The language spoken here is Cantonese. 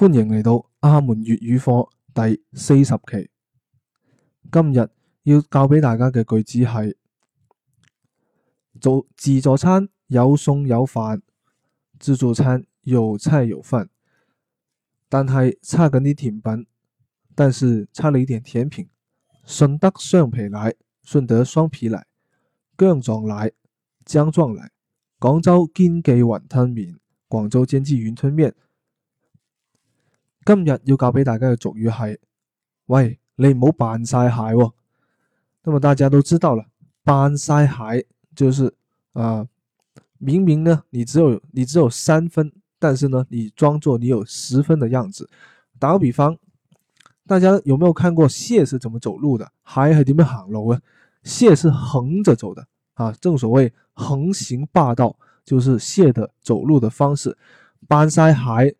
歡迎嚟到阿門粵語課第四十期。今日要教俾大家嘅句子係：做自助餐有餸有飯，自助餐有菜有飯。但係差緊啲甜品，但是差了一點甜品。順德雙皮奶，順德雙皮奶，薑撞奶，薑撞奶。廣州堅記雲吞麵，廣州堅記雲吞麵。今日要教俾大家嘅俗語係，喂，你唔好扮晒蟹喔。咁啊，大家都知道啦，扮晒蟹就是啊，明明呢你只有你只有三分，但是呢你裝作你有十分的樣子。打個比方，大家有沒有看過蟹是怎麼走路的？蟹喺點樣行路啊？蟹是橫着走的啊，正所謂橫行霸道，就是蟹的走路的方式。扮晒蟹。